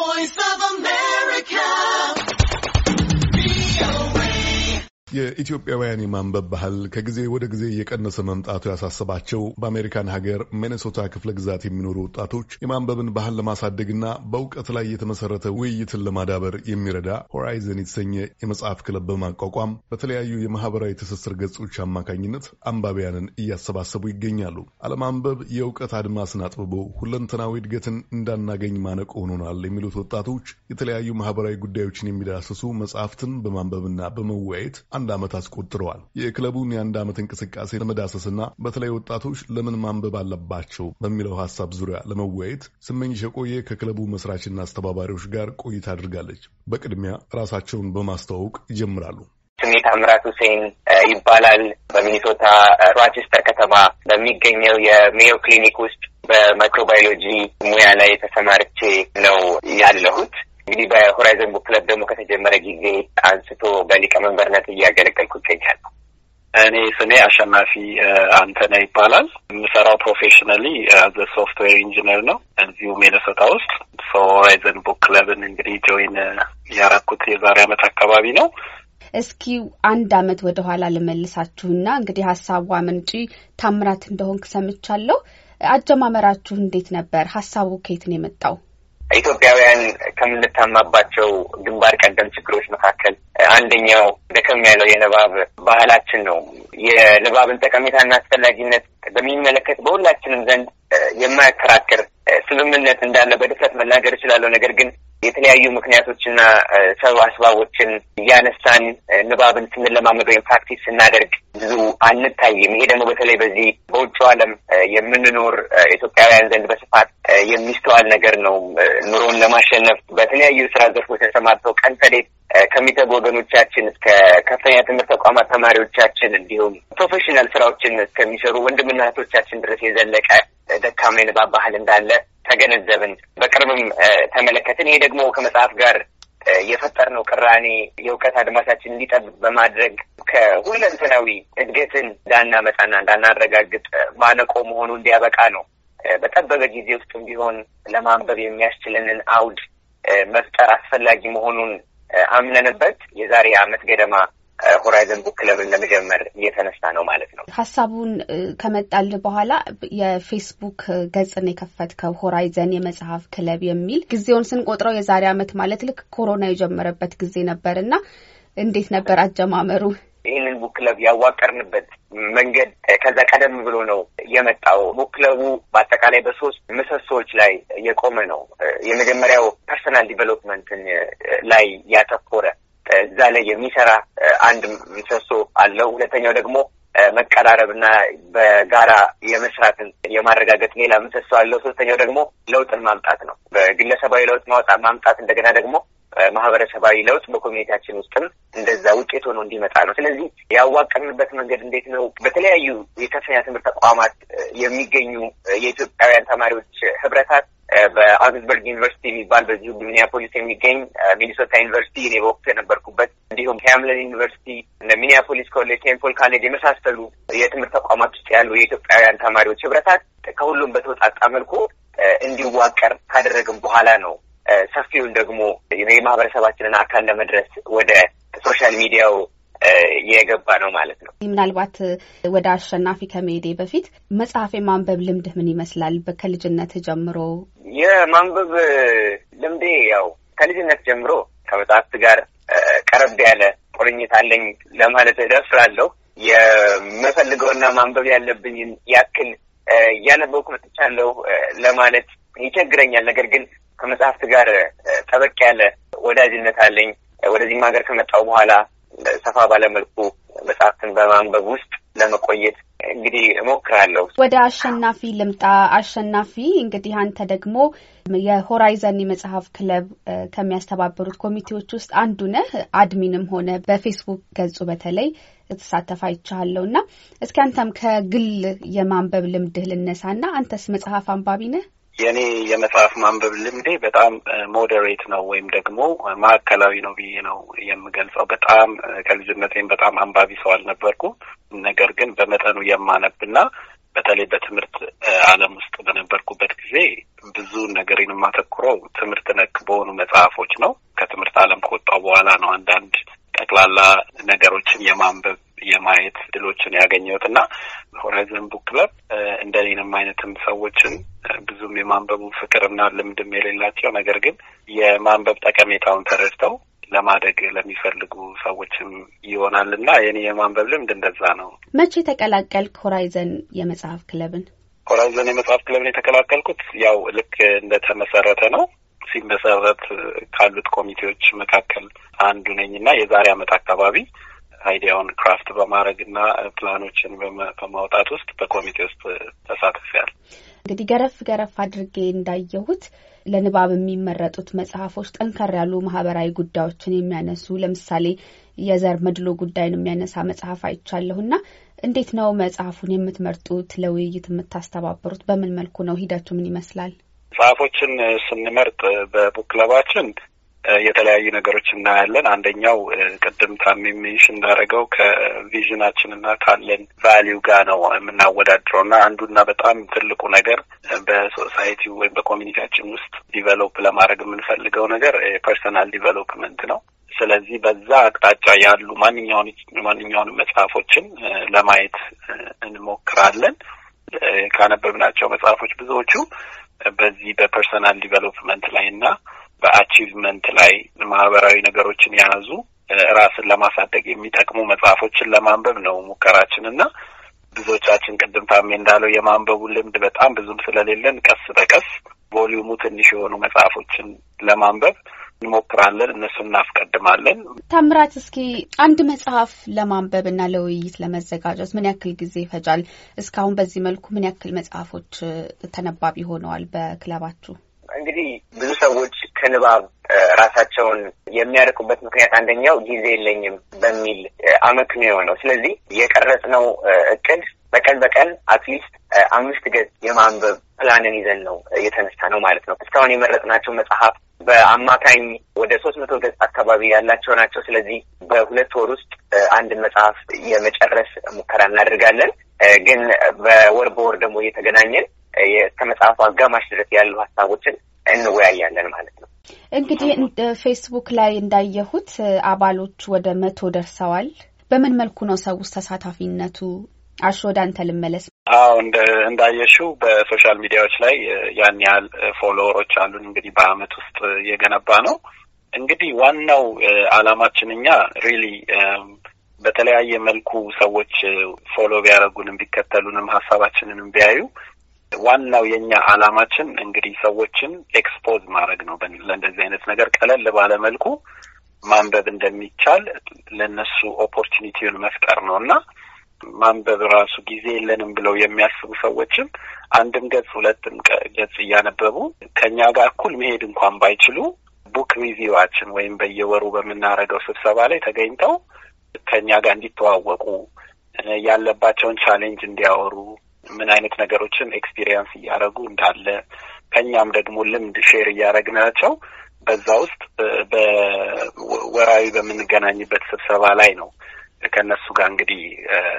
voice የኢትዮጵያውያን የማንበብ ባህል ከጊዜ ወደ ጊዜ እየቀነሰ መምጣቱ ያሳሰባቸው በአሜሪካን ሀገር ሚኔሶታ ክፍለ ግዛት የሚኖሩ ወጣቶች የማንበብን ባህል ለማሳደግና በእውቀት ላይ የተመሰረተ ውይይትን ለማዳበር የሚረዳ ሆራይዘን የተሰኘ የመጽሐፍ ክለብ በማቋቋም በተለያዩ የማህበራዊ ትስስር ገጾች አማካኝነት አንባቢያንን እያሰባሰቡ ይገኛሉ። አለማንበብ የእውቀት አድማስን አጥብቦ ሁለንተናዊ እድገትን እንዳናገኝ ማነቆ ሆኖናል የሚሉት ወጣቶች የተለያዩ ማህበራዊ ጉዳዮችን የሚዳስሱ መጽሐፍትን በማንበብና በመወያየት አንድ ዓመት አስቆጥረዋል። የክለቡን የአንድ ዓመት እንቅስቃሴ ለመዳሰስና በተለይ ወጣቶች ለምን ማንበብ አለባቸው በሚለው ሀሳብ ዙሪያ ለመወያየት ስመኝሽ የቆየ ከክለቡ መስራችና አስተባባሪዎች ጋር ቆይታ አድርጋለች። በቅድሚያ ራሳቸውን በማስተዋወቅ ይጀምራሉ። ስሜ ታምራት ሁሴን ይባላል። በሚኒሶታ ሮቸስተር ከተማ በሚገኘው የሜዮ ክሊኒክ ውስጥ በማይክሮባዮሎጂ ሙያ ላይ ተሰማርቼ ነው ያለሁት። እንግዲህ በሆራይዘን ቡክ ክለብ ደግሞ ከተጀመረ ጊዜ አንስቶ በሊቀመንበርነት እያገለገልኩ ይገኛል። እኔ ስሜ አሸናፊ አንተነ ይባላል። የምሰራው ፕሮፌሽናሊ አዘ ሶፍትዌር ኢንጂነር ነው እዚሁ ሚነሶታ ውስጥ። ሆራይዘን ቡክ ክለብን እንግዲህ ጆይን ያረኩት የዛሬ አመት አካባቢ ነው። እስኪ አንድ አመት ወደ ኋላ ልመልሳችሁና እንግዲህ ሀሳቡ አመንጪ ታምራት እንደሆንክ ሰምቻለሁ። አጀማመራችሁ እንዴት ነበር? ሀሳቡ ከየት ነው የመጣው? ኢትዮጵያውያን ከምንታማባቸው ግንባር ቀደም ችግሮች መካከል አንደኛው ደከም ያለው የንባብ ባህላችን ነው። የንባብን ጠቀሜታና አስፈላጊነት በሚመለከት በሁላችንም ዘንድ የማያከራክር ስምምነት እንዳለ በድፍረት መናገር እችላለሁ። ነገር ግን የተለያዩ ምክንያቶችና ሰበብ አስባቦችን እያነሳን ንባብን ስንለማመድ ወይም ፕራክቲስ ስናደርግ ብዙ አንታይም። ይሄ ደግሞ በተለይ በዚህ በውጭ ዓለም የምንኖር ኢትዮጵያውያን ዘንድ በስፋት የሚስተዋል ነገር ነው። ኑሮን ለማሸነፍ በተለያዩ ስራ ዘርፎች ተሰማርተው ቀን ተሌት ከሚተጉ ወገኖቻችን እስከ ከፍተኛ ትምህርት ተቋማት ተማሪዎቻችን እንዲሁም ፕሮፌሽናል ስራዎችን እስከሚሰሩ ወንድምና እህቶቻችን ድረስ የዘለቀ ደካማ የንባብ ባህል እንዳለ ተገነዘብን፣ በቅርብም ተመለከትን። ይሄ ደግሞ ከመጽሐፍ ጋር የፈጠርነው ቅራኔ የእውቀት አድማሳችን እንዲጠብቅ በማድረግ ከሁለንተናዊ እድገትን እንዳናመጣና እንዳናረጋግጥ ማነቆ መሆኑ እንዲያበቃ ነው። በጠበበ ጊዜ ውስጥም ቢሆን ለማንበብ የሚያስችለንን አውድ መፍጠር አስፈላጊ መሆኑን አምነንበት የዛሬ ዓመት ገደማ ሆራይዘን ቡክ ክለብን ለመጀመር እየተነሳ ነው ማለት ነው። ሀሳቡን ከመጣል በኋላ የፌስቡክ ገጽን የከፈትከው ሆራይዘን የመጽሐፍ ክለብ የሚል ጊዜውን ስንቆጥረው የዛሬ ዓመት ማለት ልክ ኮሮና የጀመረበት ጊዜ ነበር እና እንዴት ነበር አጀማመሩ? ይህንን ቡክ ክለብ ያዋቀርንበት መንገድ ከዛ ቀደም ብሎ ነው የመጣው። ቡክ ክለቡ በአጠቃላይ በሶስት ምሰሶዎች ላይ የቆመ ነው። የመጀመሪያው ፐርሰናል ዲቨሎፕመንትን ላይ ያተኮረ እዛ ላይ የሚሰራ አንድ ምሰሶ አለው። ሁለተኛው ደግሞ መቀራረብና በጋራ የመስራትን የማረጋገጥ ሌላ ምሰሶ አለው። ሶስተኛው ደግሞ ለውጥን ማምጣት ነው። በግለሰባዊ ለውጥ ማውጣት ማምጣት እንደገና ደግሞ ማህበረሰባዊ ለውጥ በኮሚኒቲያችን ውስጥም እንደዛ ውጤት ሆኖ እንዲመጣ ነው። ስለዚህ ያዋቀርንበት መንገድ እንዴት ነው? በተለያዩ የከፍተኛ ትምህርት ተቋማት የሚገኙ የኢትዮጵያውያን ተማሪዎች ህብረታት በአውግስበርግ ዩኒቨርሲቲ የሚባል በዚሁ ሚኒያፖሊስ የሚገኝ ሚኒሶታ ዩኒቨርሲቲ እኔ በወቅቱ የነበርኩበት እንዲሁም ሃምለን ዩኒቨርሲቲ እንደ ሚኒያፖሊስ ኮሌጅ፣ ቴምፖል ካሌጅ የመሳሰሉ የትምህርት ተቋማት ውስጥ ያሉ የኢትዮጵያውያን ተማሪዎች ህብረታት ከሁሉም በተወጣጣ መልኩ እንዲዋቀር ካደረግም በኋላ ነው ሰፊውን ደግሞ የማህበረሰባችንን አካል ለመድረስ ወደ ሶሻል ሚዲያው የገባ ነው ማለት ነው። ምናልባት eh, ወደ አሸናፊ ከመሄዴ በፊት መጽሐፍ የማንበብ ልምድህ ምን ይመስላል? ከልጅነት ጀምሮ የማንበብ ልምዴ ያው ከልጅነት ጀምሮ ከመጽሐፍት ጋር ቀረብ ያለ ቁርኝት አለኝ ለማለት እደፍራለሁ። የምፈልገውና ማንበብ ያለብኝን ያክል እያነበብኩ መጥቻለሁ ለማለት ይቸግረኛል። ነገር ግን ከመጽሐፍት ጋር ጠበቅ ያለ ወዳጅነት አለኝ። ወደዚህም ሀገር ከመጣሁ በኋላ ሰፋ ባለመልኩ መጽሐፍትን በማንበብ ውስጥ ለመቆየት እንግዲህ እሞክራለሁ። ወደ አሸናፊ ልምጣ። አሸናፊ እንግዲህ አንተ ደግሞ የሆራይዘን የመጽሐፍ ክለብ ከሚያስተባበሩት ኮሚቴዎች ውስጥ አንዱ ነህ። አድሚንም ሆነ በፌስቡክ ገጹ በተለይ ተሳተፍ አይቻለሁ እና እስኪ አንተም ከግል የማንበብ ልምድህ ልነሳና አንተስ መጽሐፍ አንባቢ ነህ? የእኔ የመጽሐፍ ማንበብ ልምዴ በጣም ሞዴሬት ነው ወይም ደግሞ ማዕከላዊ ነው ብዬ ነው የምገልጸው። በጣም ከልጅነቴም በጣም አንባቢ ሰው አልነበርኩ። ነገር ግን በመጠኑ የማነብና በተለይ በትምህርት ዓለም ውስጥ በነበርኩበት ጊዜ ብዙ ነገሬን የማተኩረው ትምህርት ነክ በሆኑ መጽሐፎች ነው። ከትምህርት ዓለም ከወጣው በኋላ ነው አንዳንድ ጠቅላላ ነገሮችን የማንበብ የማየት ድሎችን ያገኘሁት እና ሆራይዘን ቡክ ክለብ እንደኔንም አይነትም ሰዎችን የማንበቡ ፍቅርና ልምድም የሌላቸው ነገር ግን የማንበብ ጠቀሜታውን ተረድተው ለማደግ ለሚፈልጉ ሰዎችም ይሆናል እና የኔ የማንበብ ልምድ እንደዛ ነው። መቼ ተቀላቀልክ ሆራይዘን የመጽሐፍ ክለብን? ሆራይዘን የመጽሐፍ ክለብን የተቀላቀልኩት ያው ልክ እንደተመሰረተ ነው። ሲመሰረት ካሉት ኮሚቴዎች መካከል አንዱ ነኝ እና የዛሬ አመት አካባቢ አይዲያውን ክራፍት በማድረግ እና ፕላኖችን በማውጣት ውስጥ በኮሚቴ ውስጥ ተሳትፌያለሁ። እንግዲህ ገረፍ ገረፍ አድርጌ እንዳየሁት ለንባብ የሚመረጡት መጽሐፎች ጠንከር ያሉ ማህበራዊ ጉዳዮችን የሚያነሱ ለምሳሌ የዘር መድሎ ጉዳይን የሚያነሳ መጽሐፍ አይቻለሁና እንዴት ነው መጽሐፉን የምትመርጡት? ለውይይት የምታስተባበሩት በምን መልኩ ነው? ሂደቱ ምን ይመስላል? መጽሐፎችን ስንመርጥ በቡክለባችን የተለያዩ ነገሮች እናያለን። አንደኛው ቅድም ታሚም ሽ እንዳደረገው ከቪዥናችን እና ካለን ቫሊዩ ጋር ነው የምናወዳድረው እና አንዱና በጣም ትልቁ ነገር በሶሳይቲ ወይም በኮሚኒቲያችን ውስጥ ዲቨሎፕ ለማድረግ የምንፈልገው ነገር ፐርሰናል ዲቨሎፕመንት ነው። ስለዚህ በዛ አቅጣጫ ያሉ ማንኛውንም መጽሐፎችን ለማየት እንሞክራለን። ካነበብናቸው መጽሐፎች ብዙዎቹ በዚህ በፐርሰናል ዲቨሎፕመንት ላይ እና በአቺቭመንት ላይ ማህበራዊ ነገሮችን የያዙ ራስን ለማሳደግ የሚጠቅሙ መጽሐፎችን ለማንበብ ነው ሙከራችን እና ብዙዎቻችን ቅድም ታሜ እንዳለው የማንበቡ ልምድ በጣም ብዙም ስለሌለን ቀስ በቀስ ቮሊዩሙ ትንሽ የሆኑ መጽሐፎችን ለማንበብ እንሞክራለን። እነሱ እናስቀድማለን። ታምራት፣ እስኪ አንድ መጽሐፍ ለማንበብ እና ለውይይት ለመዘጋጀት ምን ያክል ጊዜ ይፈጃል? እስካሁን በዚህ መልኩ ምን ያክል መጽሐፎች ተነባቢ ሆነዋል በክለባችሁ? እንግዲህ ብዙ ሰዎች ከንባብ ራሳቸውን የሚያርቁበት ምክንያት አንደኛው ጊዜ የለኝም በሚል አመክንዮ ነው። ስለዚህ የቀረጽነው እቅድ በቀን በቀን አትሊስት አምስት ገጽ የማንበብ ፕላንን ይዘን ነው እየተነሳ ነው ማለት ነው። እስካሁን የመረጥናቸው መጽሐፍ በአማካኝ ወደ ሶስት መቶ ገጽ አካባቢ ያላቸው ናቸው። ስለዚህ በሁለት ወር ውስጥ አንድን መጽሐፍ የመጨረስ ሙከራ እናደርጋለን። ግን በወር በወር ደግሞ እየተገናኘን ከመጽሐፉ አጋማሽ ድረስ ያሉ ሀሳቦችን እንወያያለን ማለት ነው። እንግዲህ ፌስቡክ ላይ እንዳየሁት አባሎች ወደ መቶ ደርሰዋል። በምን መልኩ ነው ሰውስ ተሳታፊነቱ? አሾ ወደ አንተ ልመለስ። አዎ እንዳየሽው በሶሻል ሚዲያዎች ላይ ያን ያህል ፎሎወሮች አሉን። እንግዲህ በአመት ውስጥ የገነባ ነው። እንግዲህ ዋናው አላማችን እኛ ሪሊ በተለያየ መልኩ ሰዎች ፎሎ ቢያደርጉንም ቢከተሉንም ሀሳባችንንም ቢያዩ ዋናው የኛ አላማችን እንግዲህ ሰዎችን ኤክስፖዝ ማድረግ ነው። ለእንደዚህ አይነት ነገር ቀለል ባለ መልኩ ማንበብ እንደሚቻል ለእነሱ ኦፖርቹኒቲውን መፍጠር ነው እና ማንበብ ራሱ ጊዜ የለንም ብለው የሚያስቡ ሰዎችም አንድም ገጽ ሁለትም ገጽ እያነበቡ ከእኛ ጋር እኩል መሄድ እንኳን ባይችሉ ቡክ ሪቪዋችን ወይም በየወሩ በምናደርገው ስብሰባ ላይ ተገኝተው ከእኛ ጋር እንዲተዋወቁ ያለባቸውን ቻሌንጅ እንዲያወሩ ምን አይነት ነገሮችን ኤክስፒሪየንስ እያደረጉ እንዳለ ከእኛም ደግሞ ልምድ ሼር እያደረግናቸው በዛ ውስጥ በወራዊ በምንገናኝበት ስብሰባ ላይ ነው ከእነሱ ጋር እንግዲህ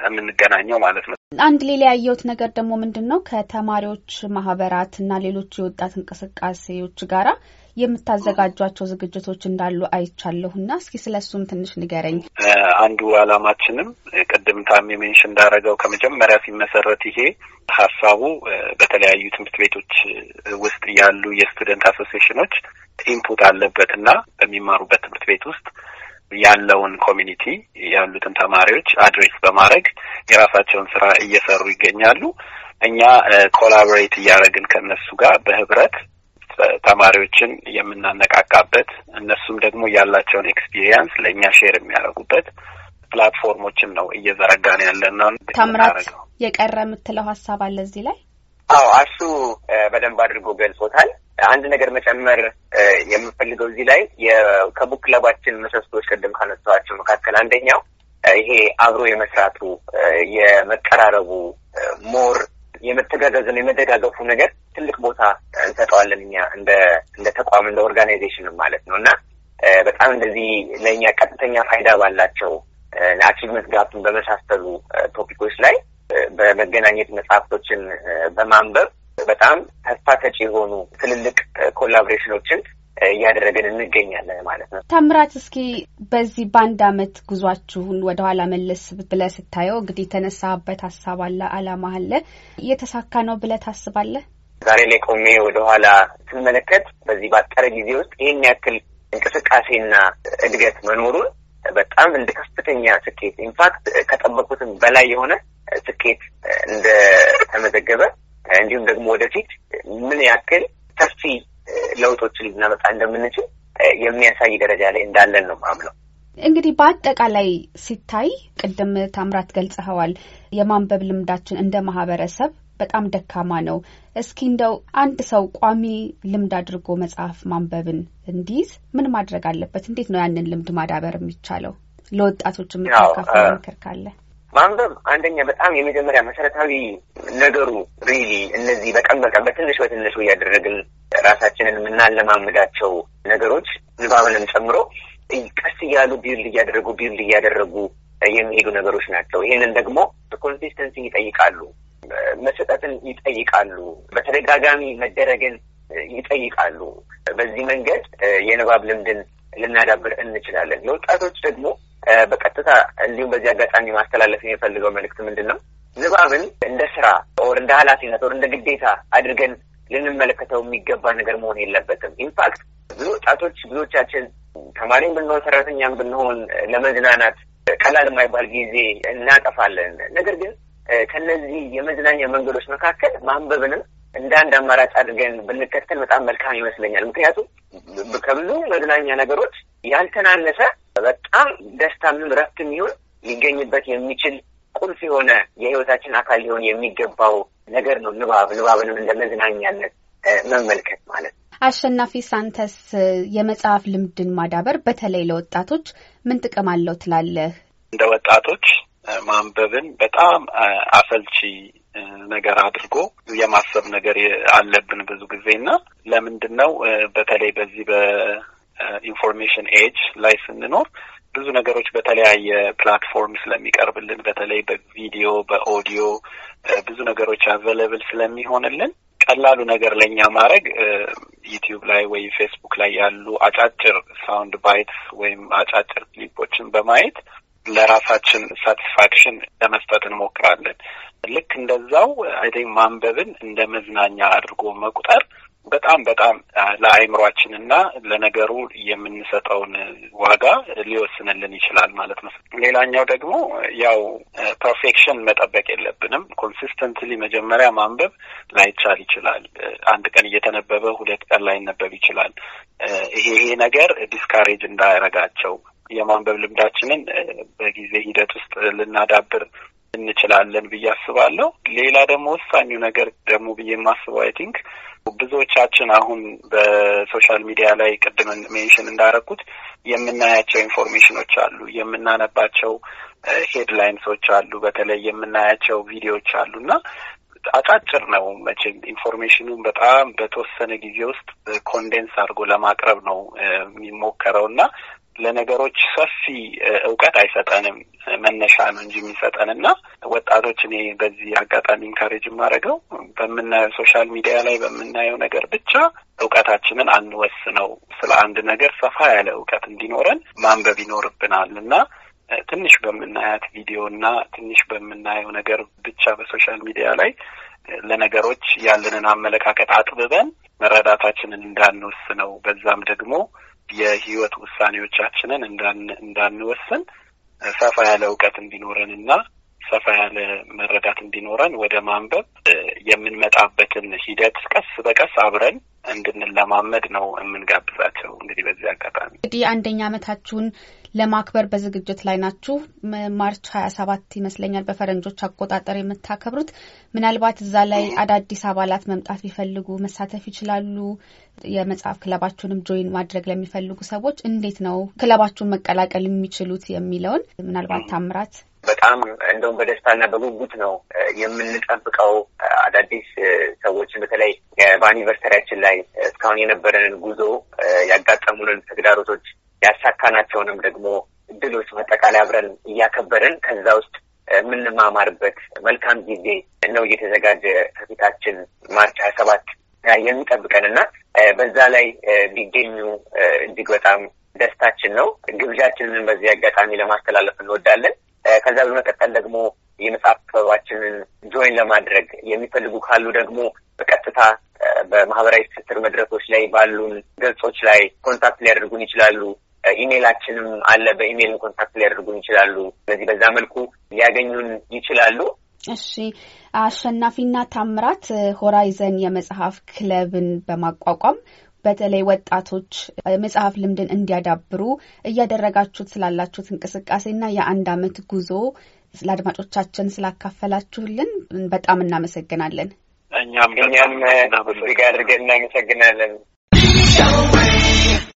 የምንገናኘው ማለት ነው። አንድ ሌላ ያየሁት ነገር ደግሞ ምንድን ነው ከተማሪዎች ማህበራት እና ሌሎች የወጣት እንቅስቃሴዎች ጋራ የምታዘጋጇቸው ዝግጅቶች እንዳሉ አይቻለሁና እስኪ ስለ እሱም ትንሽ ንገረኝ። አንዱ አላማችንም ቅድም ታሜ ሜንሽን እንዳረገው ከመጀመሪያ ሲመሰረት ይሄ ሀሳቡ በተለያዩ ትምህርት ቤቶች ውስጥ ያሉ የስቱደንት አሶሲሽኖች ኢንፑት አለበት እና በሚማሩበት ትምህርት ቤት ውስጥ ያለውን ኮሚኒቲ ያሉትን ተማሪዎች አድሬስ በማድረግ የራሳቸውን ስራ እየሰሩ ይገኛሉ። እኛ ኮላቦሬት እያደረግን ከነሱ ጋር በህብረት ተማሪዎችን የምናነቃቃበት እነሱም ደግሞ ያላቸውን ኤክስፒሪየንስ ለእኛ ሼር የሚያደርጉበት ፕላትፎርሞችን ነው እየዘረጋን ያለን ነው። ታምራት የቀረ የምትለው ሀሳብ አለ እዚህ ላይ? አዎ አሱ በደንብ አድርጎ ገልጾታል። አንድ ነገር መጨመር የምፈልገው እዚህ ላይ ከቡክ ክለባችን ምሰሶዎች ቅድም ካነሳኋቸው መካከል አንደኛው ይሄ አብሮ የመስራቱ የመቀራረቡ ሞር የመተጋገዝን የመደጋገፉ ነገር ትልቅ ቦታ እንሰጠዋለን እኛ እንደ እንደ ተቋም እንደ ኦርጋናይዜሽንም ማለት ነው እና በጣም እንደዚህ ለእኛ ቀጥተኛ ፋይዳ ባላቸው ለአቺቭመንት ጋፕን በመሳሰሉ ቶፒኮች ላይ በመገናኘት መጽሐፍቶችን በማንበብ በጣም ተስፋ ሰጪ የሆኑ ትልልቅ ኮላቦሬሽኖችን እያደረገን እንገኛለን ማለት ነው። ታምራት፣ እስኪ በዚህ በአንድ አመት ጉዟችሁን ወደኋላ መለስ ብለህ ስታየው እንግዲህ የተነሳበት ሀሳብ አለ፣ አላማ አለ፣ እየተሳካ ነው ብለህ ታስባለህ? ዛሬ ላይ ቆሜ ወደኋላ ስመለከት በዚህ ባጠረ ጊዜ ውስጥ ይህን ያክል እንቅስቃሴና እድገት መኖሩን በጣም እንደ ከፍተኛ ስኬት ኢንፋክት ከጠበቁትም በላይ የሆነ ስኬት እንደተመዘገበ እንዲሁም ደግሞ ወደፊት ምን ያክል ሰፊ ለውጦችን ልናመጣ እንደምንችል የሚያሳይ ደረጃ ላይ እንዳለን ነው ማምነው። እንግዲህ በአጠቃላይ ሲታይ ቅድም ታምራት ገልጸኸዋል፣ የማንበብ ልምዳችን እንደ ማህበረሰብ በጣም ደካማ ነው። እስኪ እንደው አንድ ሰው ቋሚ ልምድ አድርጎ መጽሐፍ ማንበብን እንዲይዝ ምን ማድረግ አለበት? እንዴት ነው ያንን ልምድ ማዳበር የሚቻለው? ለወጣቶች የምታካፍለው ምክር ካለ? ማንበብ አንደኛ በጣም የመጀመሪያ መሰረታዊ ነገሩ ሪሊ እነዚህ በቀን በቀን በትንሽ በትንሹ እያደረግን ራሳችንን የምናለማምዳቸው ነገሮች ንባብንም ጨምሮ ቀስ እያሉ ቢውልድ እያደረጉ ቢውልድ እያደረጉ የሚሄዱ ነገሮች ናቸው። ይህንን ደግሞ ኮንሲስተንሲ ይጠይቃሉ፣ መሰጠትን ይጠይቃሉ፣ በተደጋጋሚ መደረግን ይጠይቃሉ። በዚህ መንገድ የንባብ ልምድን ልናዳብር እንችላለን። ለወጣቶች ደግሞ በቀጥታ እንዲሁም በዚህ አጋጣሚ ማስተላለፍ የሚፈልገው መልእክት ምንድን ነው? ንባብን እንደ ስራ ኦር እንደ ኃላፊነት ኦር እንደ ግዴታ አድርገን ልንመለከተው የሚገባ ነገር መሆን የለበትም። ኢንፋክት ብዙ ወጣቶች ብዙዎቻችን ተማሪም ብንሆን ሰራተኛም ብንሆን ለመዝናናት ቀላል የማይባል ጊዜ እናጠፋለን። ነገር ግን ከነዚህ የመዝናኛ መንገዶች መካከል ማንበብንም እንደ አንድ አማራጭ አድርገን ብንከተል በጣም መልካም ይመስለኛል። ምክንያቱም ከብዙ መዝናኛ ነገሮች ያልተናነሰ በጣም ደስታም ረፍት የሚሆን ሊገኝበት የሚችል ቁልፍ የሆነ የህይወታችን አካል ሊሆን የሚገባው ነገር ነው ንባብ። ንባብንም እንደ መዝናኛነት መመልከት ማለት ነው። አሸናፊ ሳንተስ የመጽሐፍ ልምድን ማዳበር በተለይ ለወጣቶች ምን ጥቅም አለው ትላለህ? እንደ ወጣቶች ማንበብን በጣም አሰልቺ ነገር አድርጎ የማሰብ ነገር አለብን ብዙ ጊዜ እና ለምንድን ነው በተለይ በዚህ ኢንፎርሜሽን ኤጅ ላይ ስንኖር ብዙ ነገሮች በተለያየ ፕላትፎርም ስለሚቀርብልን በተለይ በቪዲዮ በኦዲዮ ብዙ ነገሮች አቬለብል ስለሚሆንልን ቀላሉ ነገር ለእኛ ማድረግ ዩቲዩብ ላይ ወይ ፌስቡክ ላይ ያሉ አጫጭር ሳውንድ ባይትስ ወይም አጫጭር ክሊፖችን በማየት ለራሳችን ሳቲስፋክሽን ለመስጠት እንሞክራለን። ልክ እንደዛው አይ ቲንክ ማንበብን እንደ መዝናኛ አድርጎ መቁጠር በጣም በጣም ለአእምሯችን እና ለነገሩ የምንሰጠውን ዋጋ ሊወስንልን ይችላል ማለት ነው። ሌላኛው ደግሞ ያው ፐርፌክሽን መጠበቅ የለብንም። ኮንሲስተንትሊ መጀመሪያ ማንበብ ላይቻል ይችላል። አንድ ቀን እየተነበበ ሁለት ቀን ላይነበብ ይችላል። ይሄ ይሄ ነገር ዲስካሬጅ እንዳያረጋቸው የማንበብ ልምዳችንን በጊዜ ሂደት ውስጥ ልናዳብር እንችላለን ብዬ አስባለሁ። ሌላ ደግሞ ወሳኙ ነገር ደግሞ ብዬ የማስበው አይ ቲንክ ብዙዎቻችን አሁን በሶሻል ሚዲያ ላይ ቅድም ሜንሽን እንዳረኩት የምናያቸው ኢንፎርሜሽኖች አሉ፣ የምናነባቸው ሄድላይንሶች አሉ፣ በተለይ የምናያቸው ቪዲዮዎች አሉ እና አጫጭር ነው መቼም ኢንፎርሜሽኑን በጣም በተወሰነ ጊዜ ውስጥ ኮንዴንስ አድርጎ ለማቅረብ ነው የሚሞከረው እና ለነገሮች ሰፊ እውቀት አይሰጠንም፣ መነሻ ነው እንጂ የሚሰጠን እና ወጣቶች እኔ በዚህ አጋጣሚ ኢንካሬጅ የማደርገው በምናየው ሶሻል ሚዲያ ላይ በምናየው ነገር ብቻ እውቀታችንን አንወስነው። ስለ አንድ ነገር ሰፋ ያለ እውቀት እንዲኖረን ማንበብ ይኖርብናል እና ትንሽ በምናያት ቪዲዮ እና ትንሽ በምናየው ነገር ብቻ በሶሻል ሚዲያ ላይ ለነገሮች ያለንን አመለካከት አጥብበን መረዳታችንን እንዳንወስነው በዛም ደግሞ የህይወት ውሳኔዎቻችንን እንዳንወስን ሰፋ ያለ እውቀት እንዲኖረን እና ሰፋ ያለ መረዳት እንዲኖረን ወደ ማንበብ የምንመጣበትን ሂደት ቀስ በቀስ አብረን እንድንለማመድ ነው የምንጋብዛቸው። እንግዲህ በዚህ አጋጣሚ እንግዲህ አንደኛ ዓመታችሁን ለማክበር በዝግጅት ላይ ናችሁ። ማርች ሰባት ይመስለኛል በፈረንጆች አቆጣጠር የምታከብሩት። ምናልባት እዛ ላይ አዳዲስ አባላት መምጣት ቢፈልጉ መሳተፍ ይችላሉ። የመጽሐፍ ክለባችሁንም ጆይን ማድረግ ለሚፈልጉ ሰዎች እንዴት ነው ክለባችሁን መቀላቀል የሚችሉት የሚለውን ምናልባት ታምራት በጣም እንደውም በደስታና በጉጉት ነው የምንጠብቀው አዳዲስ ሰዎችን በተለይ በአኒቨርሰሪያችን ላይ እስካሁን የነበረንን ጉዞ ያጋጠሙንን ተግዳሮቶች ያሳካናቸውንም ደግሞ እድሎች በአጠቃላይ አብረን እያከበርን ከዛ ውስጥ የምንማማርበት መልካም ጊዜ ነው እየተዘጋጀ ከፊታችን ማርች ሀያ ሰባት የሚጠብቀን እና በዛ ላይ ቢገኙ እጅግ በጣም ደስታችን ነው። ግብዣችንን በዚህ አጋጣሚ ለማስተላለፍ እንወዳለን። ከዛ በመቀጠል ደግሞ የመጽሐፍ ክበባችንን ጆይን ለማድረግ የሚፈልጉ ካሉ ደግሞ በቀጥታ በማህበራዊ ትስስር መድረኮች ላይ ባሉን ገጾች ላይ ኮንታክት ሊያደርጉን ይችላሉ። ኢሜይላችንም አለ። በኢሜይል ኮንታክት ሊያደርጉን ይችላሉ። ስለዚህ በዛ መልኩ ሊያገኙን ይችላሉ። እሺ አሸናፊና ታምራት ሆራይዘን የመጽሐፍ ክለብን በማቋቋም በተለይ ወጣቶች የመጽሐፍ ልምድን እንዲያዳብሩ እያደረጋችሁት ስላላችሁት እንቅስቃሴና የአንድ ዓመት ጉዞ ለአድማጮቻችን ስላካፈላችሁልን በጣም እናመሰግናለን። እኛም እኛም ጋር እናመሰግናለን።